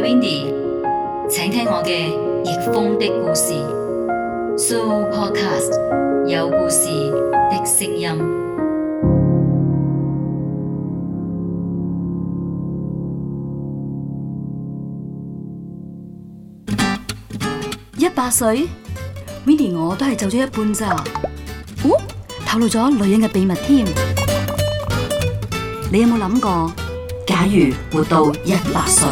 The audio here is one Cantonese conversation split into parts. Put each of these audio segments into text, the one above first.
Wendy，請聽我嘅逆風的故事。So Podcast 有故事的聲音。一百歲，Wendy 我都係走咗一半咋？哦，透露咗女人嘅秘密添。你有冇諗過，假如活到一百歲？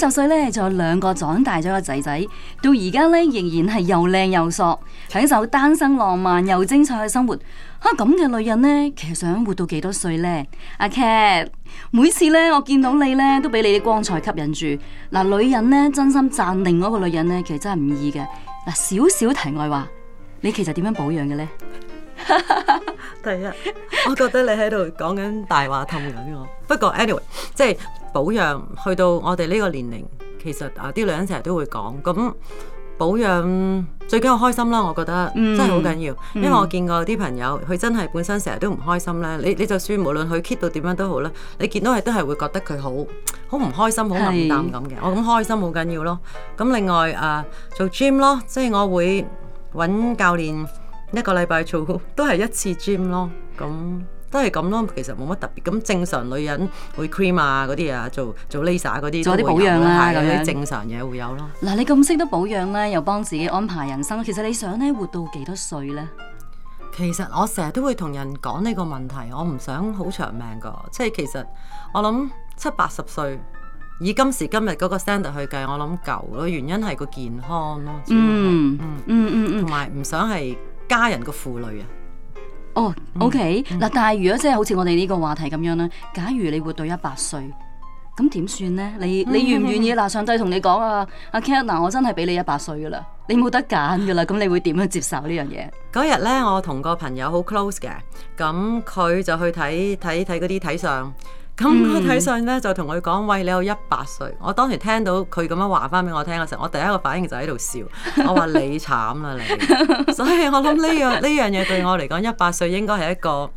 十歲咧，就有兩個長大咗嘅仔仔，到而家咧仍然係又靚又索，享受單身浪漫又精彩嘅生活。吓咁嘅女人咧，其實想活到幾多歲咧？阿 Cat，每次咧我見到你咧，都俾你啲光彩吸引住。嗱、啊，女人咧真心讚另外一個女人咧，其實真係唔易嘅。嗱、啊，少少題外話，你其實點樣保養嘅咧？ 第一，我覺得你喺度講緊大話，氹緊我。不過 anyway，即係。保養去到我哋呢個年齡，其實啊，啲女人成日都會講咁保養，最緊要開心啦。我覺得、嗯、真係好緊要，嗯、因為我見過啲朋友，佢真係本身成日都唔開心咧。你你就算無論佢 keep 到點樣都好啦，你見到佢都係會覺得佢好好唔開心，好暗淡咁嘅。是我諗開心好緊要咯。咁另外啊，做 gym 咯，即係我會揾教練一個禮拜做，都係一次 gym 咯。咁。都係咁咯，其實冇乜特別。咁正常女人會 cream 啊，嗰啲，er、啊，做做 laser 嗰啲，做啲保養啦，咁樣正常嘢會有咯。嗱，你咁識得保養咧，又幫自己安排人生，其實你想咧活到幾多歲咧？其實我成日都會同人講呢個問題，我唔想好長命噶，即係其實我諗七八十歲，以今時今日嗰個 standard 去計，我諗夠咯。原因係個健康咯，康嗯同埋唔想係家人個負累啊。OK 嗱，但係如果即係好似我哋呢個話題咁樣咧，假如你活到一百歲，咁點算呢？你你願唔願意嗱？嗯嗯、上帝同你講、嗯嗯、啊，阿 Ken 嗱，我真係俾你一百歲噶啦，你冇得揀噶啦，咁 你會點樣接受呢樣嘢？嗰日咧，我同個朋友好 close 嘅，咁佢就去睇睇睇嗰啲睇相。咁我睇上咧就同佢講：喂，你有一百歲。我當時聽到佢咁樣話翻俾我聽嘅時候，我第一個反應就喺度笑。我話你慘啦、啊、你， 所以我諗呢樣呢樣嘢對我嚟講，一百歲應該係一個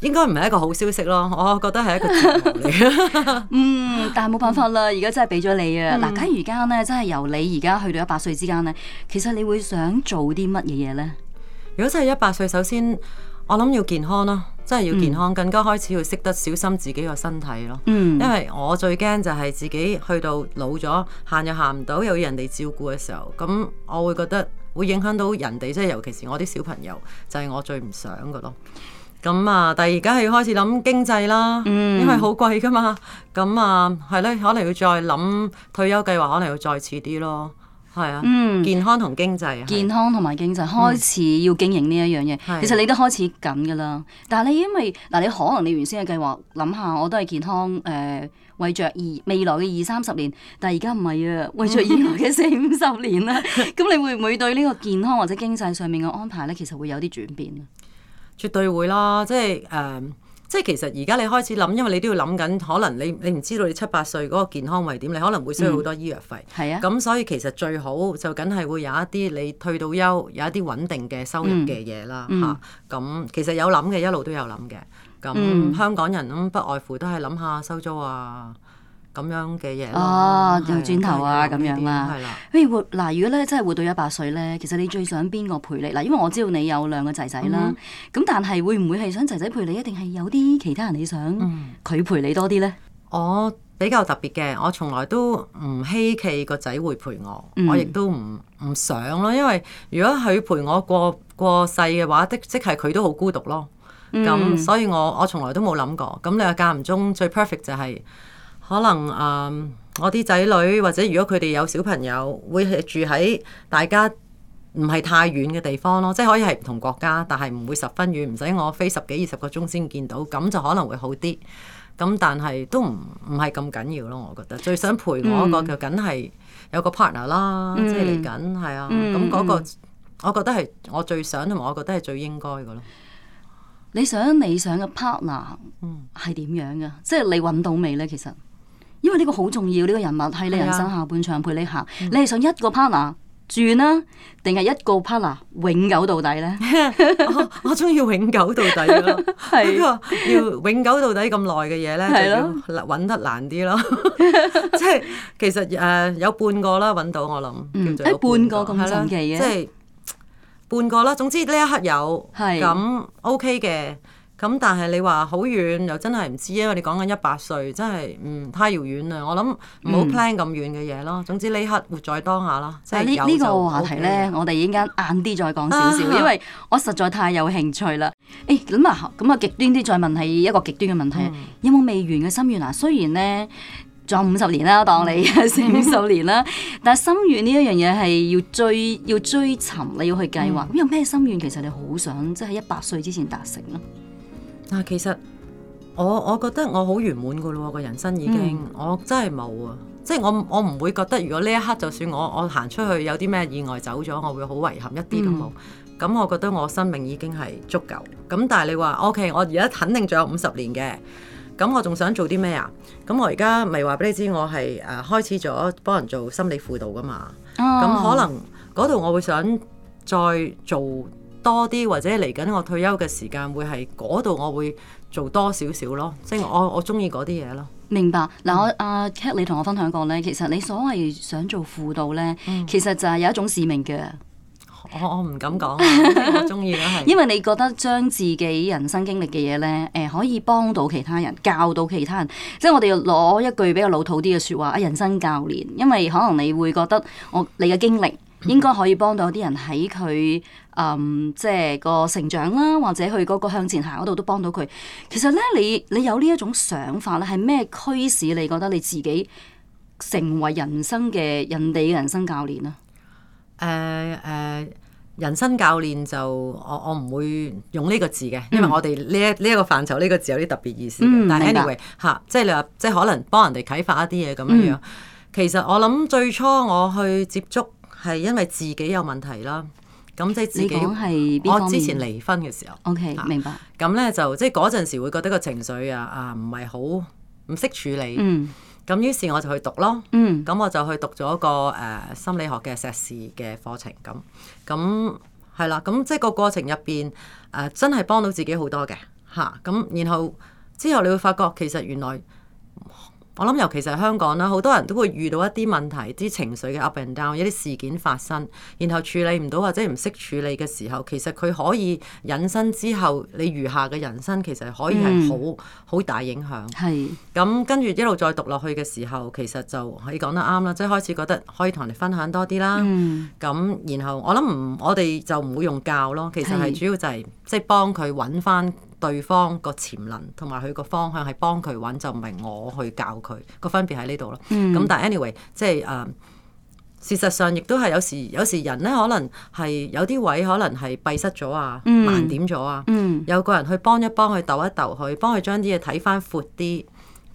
應該唔係一個好消息咯。我覺得係一個祝福嚟。 嗯，但係冇辦法了了、嗯、啦，而家真係俾咗你啊！嗱，假如而家咧真係由你而家去到一百歲之間咧，其實你會想做啲乜嘢嘢咧？如果真係一百歲，首先。我諗要健康咯，真係要健康，嗯、更加開始要識得小心自己個身體咯。嗯、因為我最驚就係自己去到老咗，行又行唔到，又要人哋照顧嘅時候，咁我會覺得會影響到人哋，即係尤其是我啲小朋友，就係、是、我最唔想嘅咯。咁啊，但而家係要開始諗經濟啦，嗯、因為好貴噶嘛。咁啊，係咧，可能要再諗退休計劃，可能要再遲啲咯。係啊，嗯，健康同經濟，健康同埋經濟開始要經營呢一樣嘢。嗯、其實你都開始緊㗎啦，是但係你因為嗱，你可能你原先嘅計劃諗下，我都係健康誒、呃，為着二未來嘅二三十年，但係而家唔係啊，為着未來嘅四五十年啦，咁 你會唔會對呢個健康或者經濟上面嘅安排咧，其實會有啲轉變？絕對會啦，即係誒。Uh, 即係其實而家你開始諗，因為你都要諗緊，可能你你唔知道你七八歲嗰、那個健康為點，你可能會需要好多醫藥費。係、嗯、啊，咁所以其實最好就梗係會有一啲你退到休有一啲穩定嘅收入嘅嘢啦嚇。咁其實有諗嘅，一路都有諗嘅。咁、嗯、香港人咁不外乎都係諗下收租啊。咁樣嘅嘢咯，又轉頭啊咁樣啦。誒活嗱，如果咧真係活到一百歲咧，其實你最想邊個陪你？嗱，因為我知道你有兩個仔仔啦。咁但係會唔會係想仔仔陪你？一定係有啲其他人你想佢陪你多啲咧？我比較特別嘅，我從來都唔希冀個仔會陪我，我亦都唔唔想咯。因為如果佢陪我過過世嘅話，即即係佢都好孤獨咯。咁所以我我從來都冇諗過。咁你話間唔中最 perfect 就係～可能誒、嗯，我啲仔女或者如果佢哋有小朋友，會係住喺大家唔係太遠嘅地方咯，即係可以係唔同國家，但係唔會十分遠，唔使我飛十幾二十個鐘先見到，咁就可能會好啲。咁但係都唔唔係咁緊要咯，我覺得最想陪我一個就梗係有個 partner 啦，嗯、即係嚟緊係啊。咁嗰、嗯嗯、個我覺得係我最想同埋，我覺得係最應該嘅咯。你想理想嘅 partner 係點樣嘅？嗯、即係你揾到未呢？其實？因為呢個好重要，呢個人物喺你人生下半場陪你行。的你係想一個 partner 轉啦，定係一個 partner 永久到底咧、yeah,？我中意永久到底嘅咯。呢個 的要永久到底咁耐嘅嘢咧，的就要揾得難啲咯。即係 其實誒、呃，有半個啦揾到我諗，嗯、叫做有半個係咯、哎、半個咁神奇嘅。即係半個啦。總之呢一刻有，係咁 OK 嘅。的咁但係你話好遠又真係唔知，因為你講緊一百歲，真係嗯太遙遠啦。我諗唔好 plan 咁遠嘅嘢咯。嗯、總之呢刻活在當下啦。即係呢呢個話題咧，我哋應該晏啲再講少少，啊、因為我實在太有興趣啦。誒，咁啊，咁啊、欸，極端啲再問係一個極端嘅問題，嗯、有冇未完嘅心願啊？雖然咧仲有五十年啦，我當你四五十年啦，但係心願呢一樣嘢係要追要追尋，你要去計劃。咁、嗯、有咩心願？其實你好想即係一百歲之前達成咯。但、啊、其實我我覺得我好圓滿噶咯，個人生已經、嗯、我真係冇啊！即係我我唔會覺得，如果呢一刻就算我我行出去有啲咩意外走咗，我會好遺憾一啲都冇。咁、嗯、我覺得我生命已經係足夠。咁但係你話，OK，我而家肯定仲有五十年嘅，咁我仲想做啲咩啊？咁我而家咪話俾你知，我係誒開始咗幫人做心理輔導噶嘛。咁可能嗰度我會想再做。多啲或者嚟緊我退休嘅時間會係嗰度，我會做多少少咯，即係我我中意嗰啲嘢咯。明白嗱，我阿、嗯啊、K 你同我分享過呢，其實你所謂想做輔導呢，嗯、其實就係有一種使命嘅。我唔敢講， 我中意因為你覺得將自己人生經歷嘅嘢呢，誒、呃、可以幫到其他人，教到其他人。即係我哋要攞一句比較老土啲嘅説話啊，人生教練。因為可能你會覺得我你嘅經歷。應該可以幫到啲人喺佢誒，即係個成長啦，或者去嗰個向前行嗰度都幫到佢。其實咧，你你有呢一種想法咧，係咩驅使你覺得你自己成為人生嘅人哋嘅人生教練咧？誒誒、呃呃，人生教練就我我唔會用呢個字嘅，因為我哋呢一呢一個範疇呢個字有啲特別意思、嗯、但係 anyway 嚇、啊，即係你話即係可能幫人哋啟發一啲嘢咁樣樣。嗯、其實我諗最初我去接觸。係因為自己有問題啦，咁即係自己。你講係我之前離婚嘅時候。OK、啊、明白。咁咧就即係嗰陣時會覺得個情緒啊啊唔係好唔識處理。咁、嗯、於是我就去讀咯。咁、嗯、我就去讀咗個誒、啊、心理學嘅碩士嘅課程咁。咁係啦，咁即係個過程入邊誒真係幫到自己好多嘅嚇。咁、啊、然後之後你會發覺其實原來。我諗，尤其是香港啦，好多人都會遇到一啲問題、啲情緒嘅 up and down，有啲事件發生，然後處理唔到或者唔識處理嘅時候，其實佢可以引申之後，你餘下嘅人生其實可以係好好大影響。咁是、嗯、跟住一路再讀落去嘅時候，其實就可以講得啱啦，即係開始覺得可以同人哋分享多啲啦。咁、嗯、然後我諗唔，我哋就唔會用教咯，其實係主要就係即係幫佢揾翻。是對方個潛能同埋佢個方向係幫佢揾，就唔係我去教佢，個分別喺呢度咯。咁、嗯、但係 anyway，即係誒，uh, 事實上亦都係有時有時人呢，可能係有啲位可能係閉塞咗啊，盲、嗯、點咗啊，嗯、有個人去幫一幫佢，逗一逗佢，幫佢將啲嘢睇翻闊啲。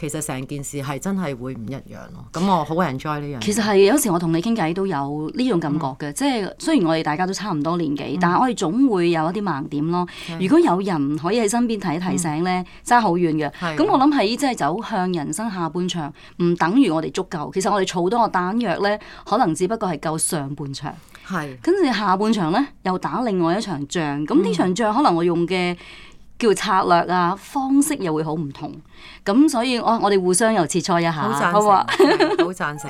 其實成件事係真係會唔一樣咯，咁我好 enjoy 呢樣。其實係有時我同你傾偈都有呢種感覺嘅，嗯、即係雖然我哋大家都差唔多年紀，嗯、但係我哋總會有一啲盲點咯。的如果有人可以喺身邊提提醒呢，真係好遠嘅。咁我諗喺即係走向人生下半場，唔等於我哋足夠。其實我哋儲多個彈藥呢，可能只不過係夠上半場。係的，跟住下半場呢，嗯、又打另外一場仗，咁呢場仗可能我用嘅。叫策略啊，方式又會好唔同，咁所以、啊、我我哋互相又切磋一下，好啊，好贊成。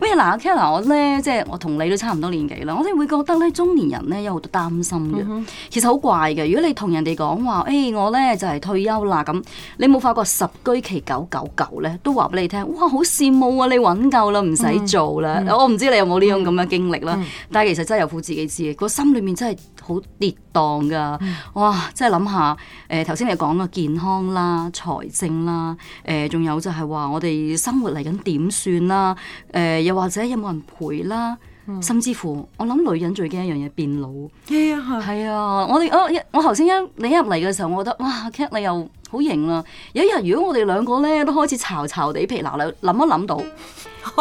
喂好吧，嗱、 啊、Kella 我咧即係我同你都差唔多年紀啦，我真係會覺得咧中年人咧有好多擔心嘅，mm hmm. 其實好怪嘅。如果你同人哋講話，誒、哎、我咧就係、是、退休啦咁，你冇發覺十居其九九九咧都話俾你聽，哇好羨慕啊，你揾夠啦，唔使做啦。Mm hmm. 我唔知你有冇呢種咁嘅經歷啦，mm hmm. 但係其實真係有苦自己知嘅，那個、心裏面真係。好跌宕噶，哇！即係諗下，誒頭先你講嘅健康啦、財政啦，誒、呃、仲有就係話我哋生活嚟緊點算啦，誒、呃、又或者有冇人陪啦，嗯、甚至乎我諗女人最驚一樣嘢變老。係啊係啊，我哋我一我頭先一你一入嚟嘅時候，我覺得哇 Kate 你又～好型啊！有一日如果我哋兩個咧都開始嘈嘈地皮，嗱嗱諗一諗到，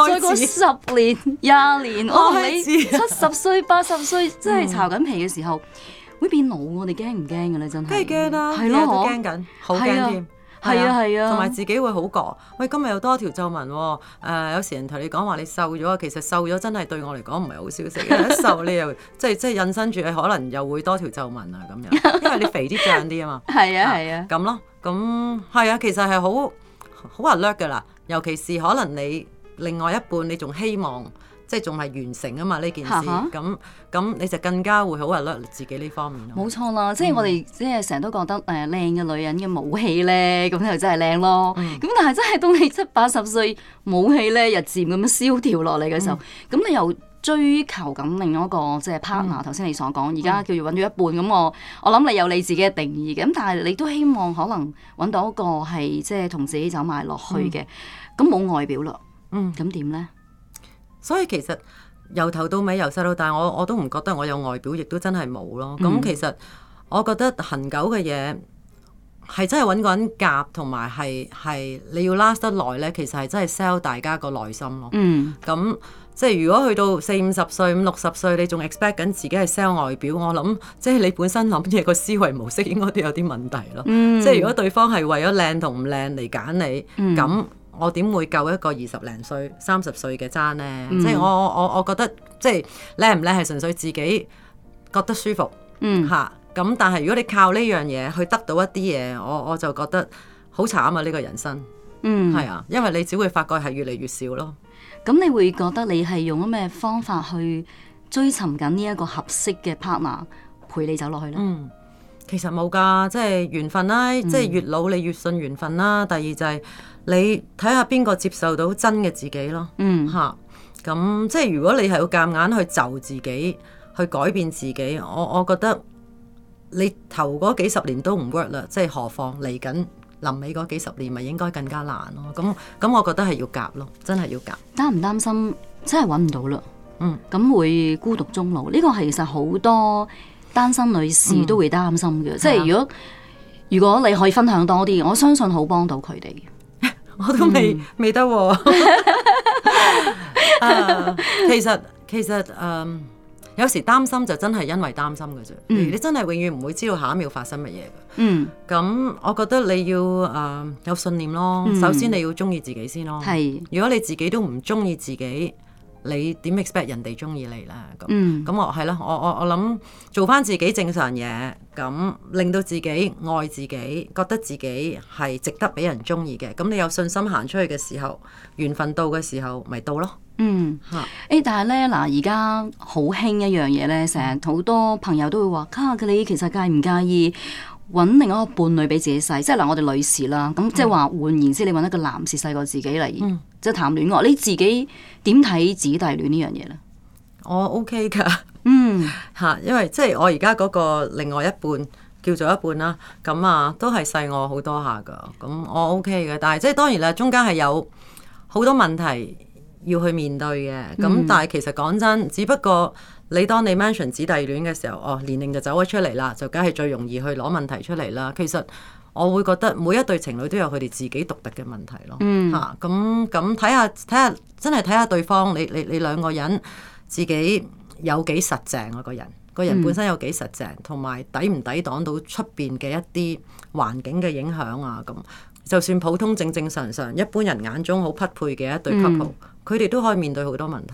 再始過十年廿年，我同你七十歲八十歲，真係嘈緊皮嘅時候，嗯、會變老，我哋驚唔驚嘅咧？真係驚啊！係咯，驚緊、啊，好驚。係啊係啊，同埋、啊啊、自己會好覺。喂，今日又多條皺紋，哦。誒、呃，有時人同你講話你瘦咗，其實瘦咗真係對我嚟講唔係好消息。 一瘦你又即係即係引申住，你可能又會多條皺紋啊咁樣。因為你肥啲脹啲啊嘛。係啊係啊，咁咯，咁、嗯、係啊，其實係好好核突㗎啦。尤其是可能你另外一半，你仲希望。即係仲係完成啊嘛呢件事，咁咁、uh, 你就更加會好忽略自己呢方面咯。冇錯啦，嗯、即係我哋即係成日都覺得誒靚嘅女人嘅武器咧，咁又真係靚咯。咁、嗯、但係真係當你七八十歲武器咧日漸咁樣蕭條落嚟嘅時候，咁、嗯、你又追求緊另外一個即係 partner，頭先、嗯、你所講而家叫做揾咗一半，咁我我諗你有你自己嘅定義嘅，咁但係你都希望可能揾到一個係即係同自己走埋落去嘅，咁冇、嗯嗯、外表咯，嗯，咁點咧？所以其實由頭到尾由細到大，我我都唔覺得我有外表，亦都真係冇咯。咁、嗯、其實我覺得恒久嘅嘢係真係搵個人夾，同埋係係你要 last 得耐咧，其實係真係 sell 大家個內心咯。咁、嗯嗯、即係如果去到四五十歲、五六十歲，你仲 expect 緊自己係 sell 外表，我諗即係你本身諗嘢個思維模式應該都有啲問題咯。嗯、即係如果對方係為咗靚同唔靚嚟揀你，咁、嗯。嗯嗯我點會夠一個二十零歲、三十歲嘅爭呢？嗯、即係我我我我覺得即係靚唔靚係純粹自己覺得舒服，嗯嚇。咁但係如果你靠呢樣嘢去得到一啲嘢，我我就覺得好慘啊！呢個人生。嗯係啊，因為你只會發覺係越嚟越少咯。咁你會覺得你係用咩方法去追尋緊呢一個合適嘅 partner 陪你走落去呢？其實冇㗎，即係緣分啦、啊。嗯、即係越老你越信緣分啦、啊。第二就係、是。你睇下邊個接受到真嘅自己咯？嗯，嚇咁、啊、即係如果你係要夾硬，硬去就自己，去改變自己，我我覺得你頭嗰幾十年都唔 work 啦，即係何況嚟緊臨尾嗰幾十年，咪應該更加難咯？咁咁我覺得係要夾咯，真係要夾。擔唔擔心真係揾唔到啦？嗯，咁會孤獨終老呢、這個係其實好多單身女士都會擔心嘅。即係如果如果你可以分享多啲，我相信好幫到佢哋。我都未、嗯、未得可喎、哦 啊。其實其實誒、呃，有時擔心就真係因為擔心嘅啫。嗯、你真係永遠唔會知道下一秒發生乜嘢㗎。嗯。咁我覺得你要誒、呃、有信念咯。嗯、首先你要鍾意自己先咯。係是。如果你自己都唔鍾意自己，你點 expect 人哋中意你啦？咁咁、嗯、我係咯，我我我諗做返自己正常嘢，咁令到自己愛自己，覺得自己係值得俾人中意嘅。咁你有信心行出去嘅時候，緣分到嘅時候咪到咯。嗯嚇，誒、欸、但係咧嗱，而家好興一樣嘢咧，成日好多朋友都會話，啊，佢你其實介唔介意揾另一個伴侶俾自己細？即係嗱，我哋女士啦，咁即係話、嗯、換言之，你揾一個男士細過自己嚟。嗯。即係談戀愛，你自己點睇姊弟戀呢樣嘢呢？我、oh, OK 噶，嗯吓，因為即係我而家嗰個另外一半叫做一半啦，咁啊都係細我好多下噶，咁我 OK 嘅，但係即係當然啦，中間係有好多問題要去面對嘅，咁但係其實講真，只不過你當你 mention 姊弟戀嘅時候，哦，年齡就走咗出嚟啦，就梗係最容易去攞問題出嚟啦，其實。我會覺得每一對情侶都有佢哋自己獨特嘅問題咯，嚇咁咁睇下睇下真係睇下對方，你你你兩個人自己有幾實淨啊，個人，個人本身有幾實淨，同埋、嗯、抵唔抵擋到出邊嘅一啲環境嘅影響啊咁。就算普通正正常常，一般人眼中好匹配嘅一對 couple，佢哋都可以面對好多問題。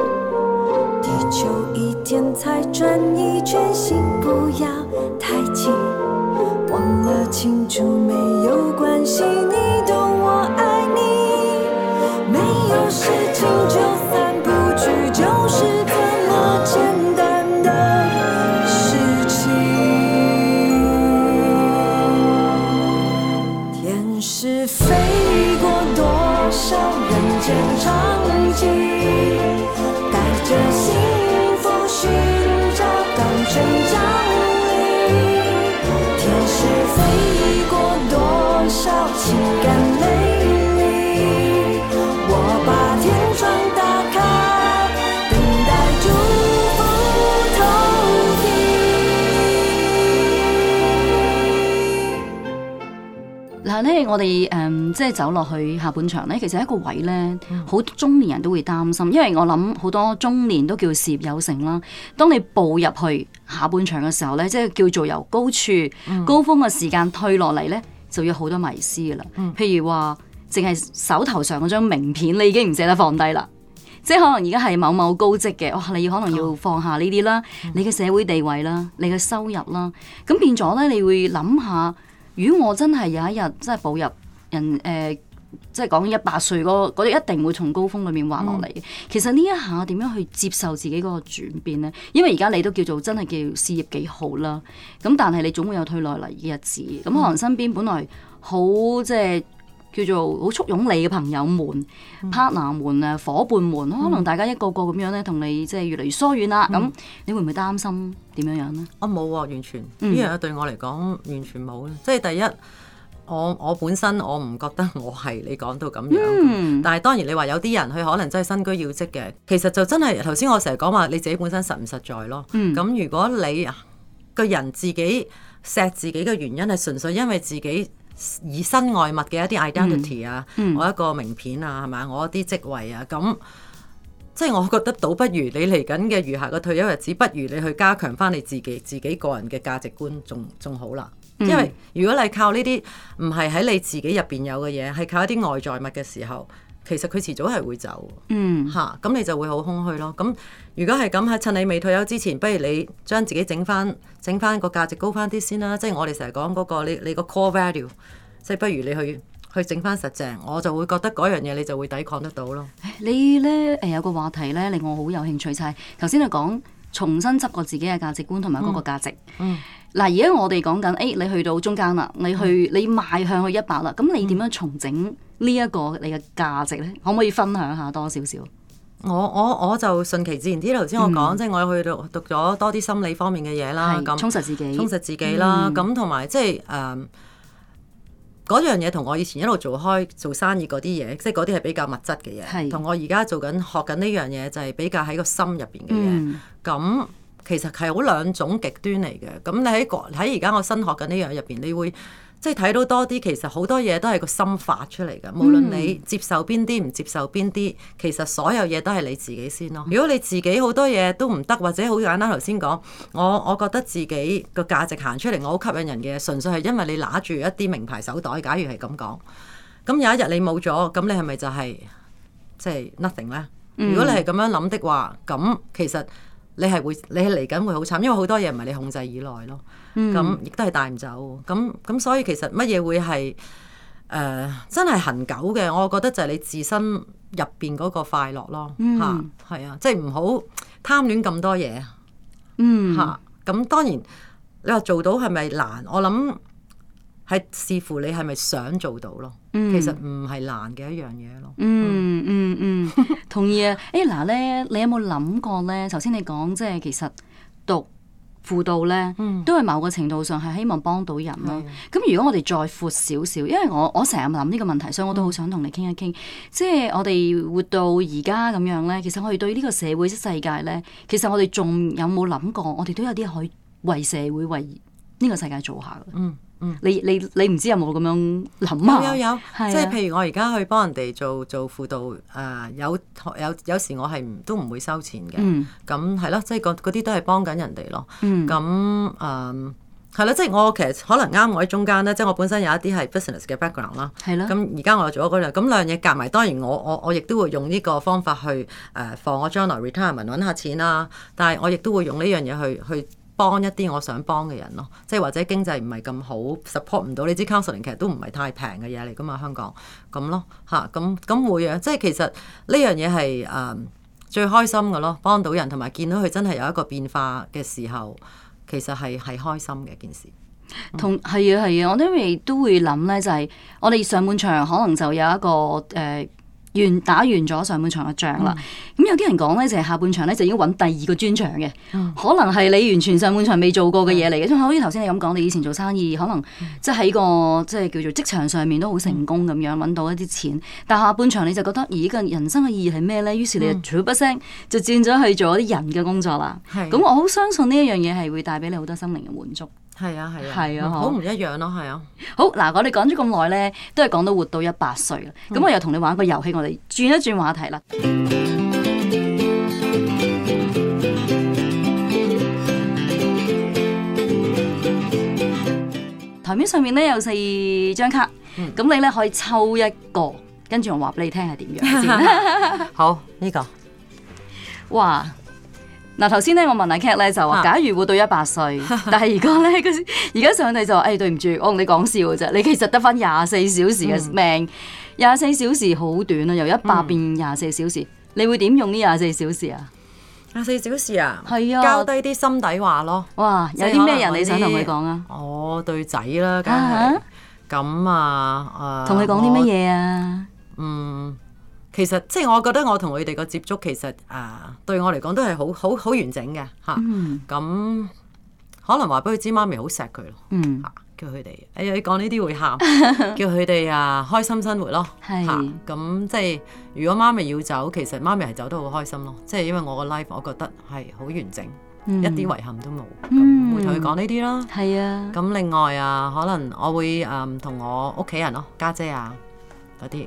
地球一天才轉一圈心，心不要太急，忘了慶祝沒有。咧，我哋誒、嗯、即係走落去下半場咧，其實一個位咧，好中年人都會擔心，因為我諗好多中年都叫事業有成啦。當你步入去下半場嘅時候咧，即係叫做由高處高峰嘅時間退落嚟咧，就要好多迷思㗎啦。譬如話，淨係手頭上嗰張名片，你已經唔捨得放低啦。即係可能而家係某某高職嘅，哇、哦！你要可能要放下呢啲啦，嗯、你嘅社會地位啦，你嘅收入啦，咁變咗咧，你會諗下。如果我真係有一日真係步入人誒、呃，即係講一百歲嗰嗰、那個、一定會從高峰裏面滑落嚟嘅。嗯、其實呢一下點樣去接受自己嗰個轉變呢？因為而家你都叫做真係叫事業幾好啦，咁但係你總會有退落嚟嘅日子。咁可能身邊本來好、嗯、即係。叫做好簇擁你嘅朋友們、嗯、partner 們啊、夥伴們，嗯、可能大家一個個咁樣咧，同你即係越嚟越疏遠啦。咁、嗯、你會唔會擔心點樣樣呢？我冇喎，完全呢樣對我嚟講完全冇咧。即係第一，我我本身我唔覺得我係你講到咁樣。嗯、但係當然你話有啲人佢可能真係身居要職嘅，其實就真係頭先我成日講話你自己本身實唔實在咯。嗯，咁、嗯、如果你個人自己錫自己嘅原因係純粹因為自己。以身外物嘅一啲 identity 啊，嗯嗯、我一個名片啊，係咪？我一啲職位啊，咁即係我覺得倒不如你嚟緊嘅餘下嘅退休日子，不如你去加強翻你自己自己個人嘅價值觀仲仲好啦。因為如果你靠呢啲唔係喺你自己入邊有嘅嘢，係靠一啲外在物嘅時候，其實佢遲早係會走，嗯，吓、啊，咁你就會好空虛咯。咁如果係咁，喺趁你未退休之前，不如你將自己整翻整翻個價值高翻啲先啦。即係我哋成日講嗰個你你個 core value，即係不如你去去整翻實淨，我就會覺得嗰樣嘢你就會抵抗得到咯。你呢，誒有個話題呢，令我好有興趣就係頭先你講重新執過自己嘅價值觀同埋嗰個價值。嗱而家我哋講緊，誒、欸、你去到中間啦，你去你邁向去一百啦，咁你點樣重整？嗯嗯呢一個你嘅價值咧，可唔可以分享下多少少？我我我就順其自然。啲頭先我講，即係、嗯、我去到讀咗多啲心理方面嘅嘢啦，咁是那充實自己，充實自己啦。咁同埋即係誒嗰樣嘢，同我以前一路做開做生意嗰啲嘢，即係嗰啲係比較物質嘅嘢，同是我而家做緊學緊呢樣嘢，就係比較喺個心入邊嘅嘢。咁、嗯、其實係好兩種極端嚟嘅。咁你喺喺而家我新學緊呢樣入邊，你會？即係睇到多啲，其實好多嘢都係個心法出嚟嘅。無論你接受邊啲唔接受邊啲，其實所有嘢都係你自己先咯。如果你自己好多嘢都唔得，或者好簡單頭先講，我我覺得自己個價值行出嚟，我好吸引人嘅，純粹係因為你攞住一啲名牌手袋。假如係咁講，咁有一日你冇咗，咁你係咪就係即係 nothing 咧？如果你係咁樣諗的話，咁其實你係會你係嚟緊會好慘，因為好多嘢唔係你控制以內咯。咁亦都係帶唔走，咁咁所以其實乜嘢會係誒、呃、真係恒久嘅？我覺得就係你自身入邊嗰個快樂咯，嚇係、嗯、啊，即係唔好貪戀咁多嘢，嗯嚇。咁、啊、當然你話做到係咪難？我諗係視乎你係咪想做到咯。嗯、其實唔係難嘅一樣嘢咯。嗯好嗯嗯，嗯，同意啊。誒嗱咧，你有冇諗過咧？頭先你講即係其實讀。輔導咧，都係某個程度上係希望幫到人咯、啊。咁的如果我哋再闊少少，因為我我成日諗呢個問題，所以我都好想同你傾一傾。嗯、即係我哋活到而家咁樣咧，其實我哋對呢個社會、世界咧，其實我哋仲有冇諗過？我哋都有啲可以為社會、為呢個世界做下嘅。嗯你你你唔知有冇咁樣諗啊？有有，即係譬如我而家去幫人哋做做輔導，誒有有有時我係都唔會收錢嘅。咁係咯，即係嗰啲都係幫緊人哋咯。咁誒係咯，即係我其實可能啱我喺中間咧，即係我本身有一啲係 business 嘅 background 啦。係咯。咁而家我做咗嗰樣，咁兩樣嘢夾埋，當然我我我亦都會用呢個方法去誒放我將來 retirement 揾下錢啦。但係我亦都會用呢樣嘢去去幫一啲我想幫嘅人咯，即係或者經濟唔係咁好，support 唔到你知，counseling 其實都唔係太平嘅嘢嚟噶嘛，香港咁咯嚇，咁、啊、咁會啊，即係其實呢樣嘢係誒最開心嘅咯，幫到人同埋見到佢真係有一個變化嘅時候，其實係係開心嘅一件事。嗯、同係啊係啊，我都未都會諗咧，就係、是、我哋上半場可能就有一個誒。呃完打完咗上半場嘅仗啦，咁、嗯嗯、有啲人講咧，就係、是、下半場咧就已經揾第二個專場嘅，嗯、可能係你完全上半場未做過嘅嘢嚟嘅，即好似頭先你咁講，你以前做生意可能即係喺個即係、就是、叫做職場上面都好成功咁樣揾、嗯、到一啲錢，但下半場你就覺得而個人生嘅意義係咩咧？於是你就不聲就轉咗去做一啲人嘅工作啦。咁、嗯嗯、我好相信呢一樣嘢係會帶俾你好多心靈嘅滿足。係啊，係啊，好唔、啊啊、一樣咯，係啊。啊好嗱，我哋講咗咁耐咧，都係講到活到一百歲啦。咁、嗯、我又同你玩個遊戲，我哋轉一轉話題啦。嗯、台面上面咧有四張卡，咁你咧可以抽一個，跟住我話俾你聽係點樣先。 好，呢、呢個，哇！嗱，頭先咧我問阿 Kate 咧就話，假如活到一百歲，啊、但係而家咧，佢而家上嚟就話，誒、哎、對唔住，我同你講笑嘅啫，你其實得翻廿四小時嘅命，廿四、嗯、小時好短啊，由一百、嗯、變廿四小時，你會點用呢廿四小時啊？廿四小時啊，係啊，交低啲心底話咯。哇，有啲咩人你想同佢講啊？我對仔啦，梗係，咁啊，啊，同佢講啲乜嘢啊，啊，啊？嗯。其實即係我覺得我同佢哋個接觸其實誒、啊、對我嚟講都係好好好完整嘅嚇，咁、嗯嗯、可能話俾佢知媽咪好錫佢咯，嚇叫佢哋哎呀你講呢啲會喊，叫佢哋啊開心生活咯嚇，咁是即係如果媽咪要走，其實媽咪係走得好開心咯，即係因為我個 life 我覺得係好完整，嗯、一啲遺憾都冇，唔會同佢講呢啲咯，係、嗯、啊，咁、啊、另外啊可能我會誒同、啊、我屋企人，人咯，家姐，姐啊啲。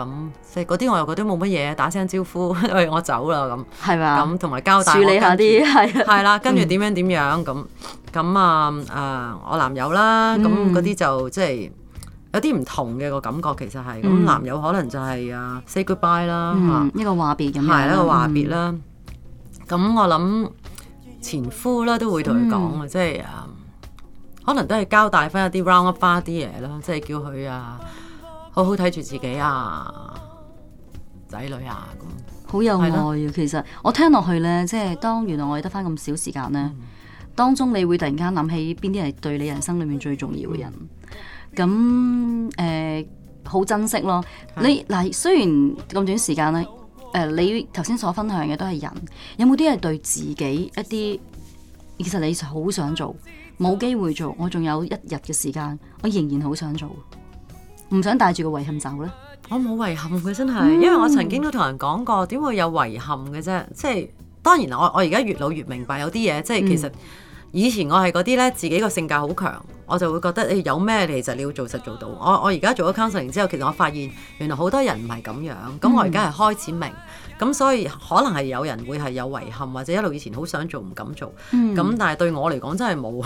咁即係嗰啲，我又覺得冇乜嘢，打聲招呼，喂、哎，我走啦咁，係嘛？咁同埋交代下啲，係係啦，跟住點樣點樣咁咁啊？啊，我、啊啊、男友啦，咁嗰啲就即係有啲唔同嘅個感覺，其實係咁、嗯、男友可能就係啊，say goodbye 啦、嗯，嚇、啊、一個話別咁，係一個話別啦。咁、嗯、我諗前夫咧都會同佢講啊，嗯、即係啊，可能都係交代翻一啲 round up 翻啲嘢啦，即係叫佢啊。好好睇住自己啊，仔女啊，好、那個、好有愛啊！的其實我聽落去呢，即係當原來我哋得翻咁少時間呢，嗯、當中你會突然間諗起邊啲係對你人生裏面最重要嘅人，咁誒好珍惜咯。的你嗱，呃、雖然咁短時間呢，誒、呃、你頭先所分享嘅都係人，有冇啲係對自己一啲？其實你好想做，冇機會做，我仲有一日嘅時間，我仍然好想做。唔想帶住個遺憾走咧，我冇遺憾，佢真係，嗯、因為我曾經都同人講過，點會有遺憾嘅啫？即係當然，我我而家越老越明白有，有啲嘢即係其實以前我係嗰啲咧，自己個性格好強，我就會覺得誒、欸、有咩其實你要做實做到。我我而家做咗 counseling 之後，其實我發現原來好多人唔係咁樣，咁我而家係開始明，咁、嗯、所以可能係有人會係有遺憾，或者一路以前好想做唔敢做，咁、嗯、但係對我嚟講真係冇。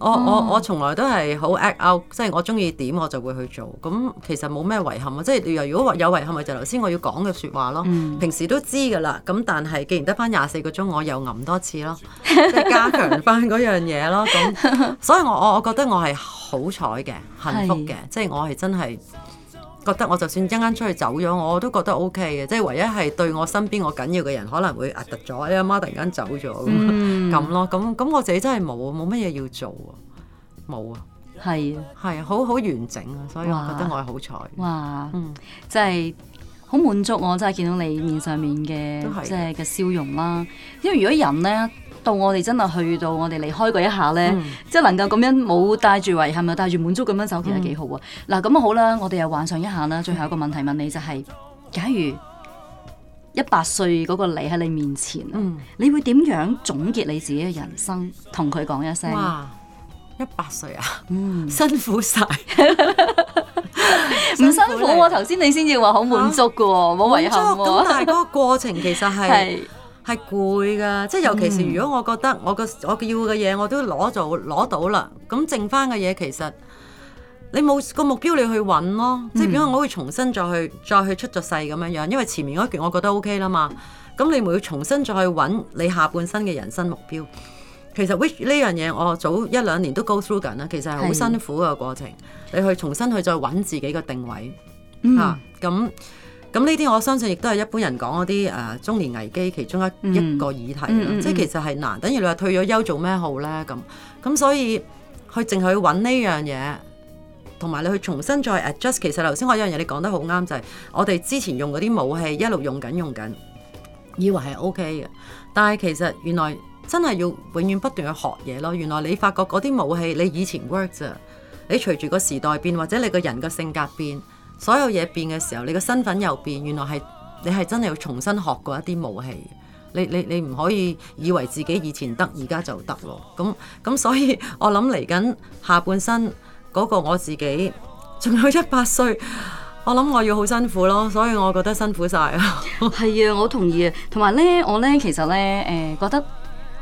我我我從來都係好 act out，即係我中意點我就會去做，咁其實冇咩遺憾啊，即係如如果話有遺憾咪就係頭先我要講嘅説話咯，mm. 平時都知㗎啦，咁但係既然得翻廿四個鐘，我又揞多次咯，即係加強翻嗰樣嘢咯，咁 所以我我我覺得我係好彩嘅， 幸福嘅，是即係我係真係。覺得我就算一間出去走咗，我都覺得 OK 嘅，即係唯一係對我身邊我緊要嘅人可能會、啊、突咗，你、哎、阿媽，媽突然間走咗咁咯，咁咁、嗯、我自己真係冇冇乜嘢要做啊，冇啊，係係好好完整啊，所以我覺得我係好彩哇，哇嗯，即係好滿足，我真係見到你面上面嘅是即係嘅笑容啦，因為如果人咧。到我哋真係去到我哋離開嗰一下呢，嗯、即係能夠咁樣冇帶住遺憾啊，帶住滿足咁樣走，其實幾好、嗯、啊！嗱，咁好啦，我哋又幻想一下啦。最後一個問題問你就係、是，假如一百歲嗰個你喺你面前，嗯、你會點樣總結你自己嘅人生？同佢講一聲，一百歲啊，嗯、辛苦晒，唔 辛苦。頭先你先至話好滿足噶喎，冇遺、啊、憾、啊。但係嗰個過程其實係。 係攰噶，即係尤其是，如果我覺得我個我要嘅嘢我都攞做攞到啦，咁剩翻嘅嘢其實你冇個目標你去揾咯，嗯、即係點解我會重新再去再去出咗世咁樣樣，因為前面嗰段我覺得 O K 啦嘛，咁你咪要重新再去揾你下半生嘅人生目標。其實呢樣嘢我早一兩年都 go through 緊啦，其實係好辛苦嘅過程，是你去重新去再揾自己嘅定位嚇咁。嗯啊咁呢啲我相信亦都係一般人講嗰啲誒中年危機其中一一個議題咯，嗯、即係其實係難、呃，等於你話退咗休做咩好咧咁，咁所以去淨係去揾呢樣嘢，同埋你去重新再 adjust。其實頭先我有樣嘢你講得好啱就係、是，我哋之前用嗰啲武器一路用緊用緊，以為係 OK 嘅，但係其實原來真係要永遠不斷去學嘢咯。原來你發覺嗰啲武器你以前 work 咋，你隨住個時代變或者你個人嘅性格變。所有嘢變嘅時候，你嘅身份又變，原來係你係真係要重新學過一啲武器。你你你唔可以以為自己以前得，而家就得咯。咁、嗯、咁、嗯，所以我諗嚟緊下半生嗰、嗰個我自己，仲有一百歲，我諗我要好辛苦咯。所以我覺得辛苦晒。啊。係啊，我同意啊。同埋呢，我呢其實呢，誒、呃、覺得，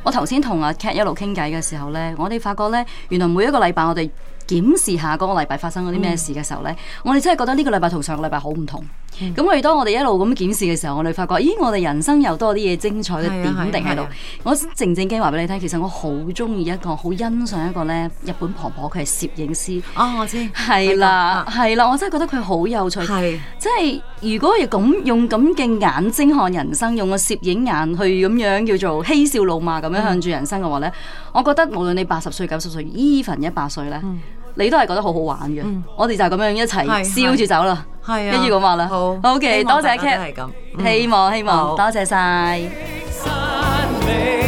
我頭先同阿 Kat 一路傾偈嘅時候呢，我哋發覺呢，原來每一個禮拜我哋，檢視下嗰個禮拜發生咗啲咩事嘅時候呢？我哋真係覺得呢個禮拜同上個禮拜好唔同。咁我哋當我哋一路咁檢視嘅時候，我哋發覺，咦，我哋人生又多啲嘢精彩嘅點滴喺度。我靜靜雞話俾你聽，其實我好中意一個，好欣賞一個呢日本婆婆佢係攝影師。啊，我知。係啦，係啦，我真係覺得佢好有趣。係。即係如果要咁用咁嘅眼睛看人生，用個攝影眼去咁樣叫做嬉笑怒罵咁樣向住人生嘅話呢，我覺得無論你八十歲、九十歲，even 一百歲呢。你都係覺得好好玩嘅，嗯、我哋就咁樣一齊燒住走啦，嗯、一於咁話啦。啊、好，OK，希望多謝 Kate，希望希望，希望嗯、多謝晒。好。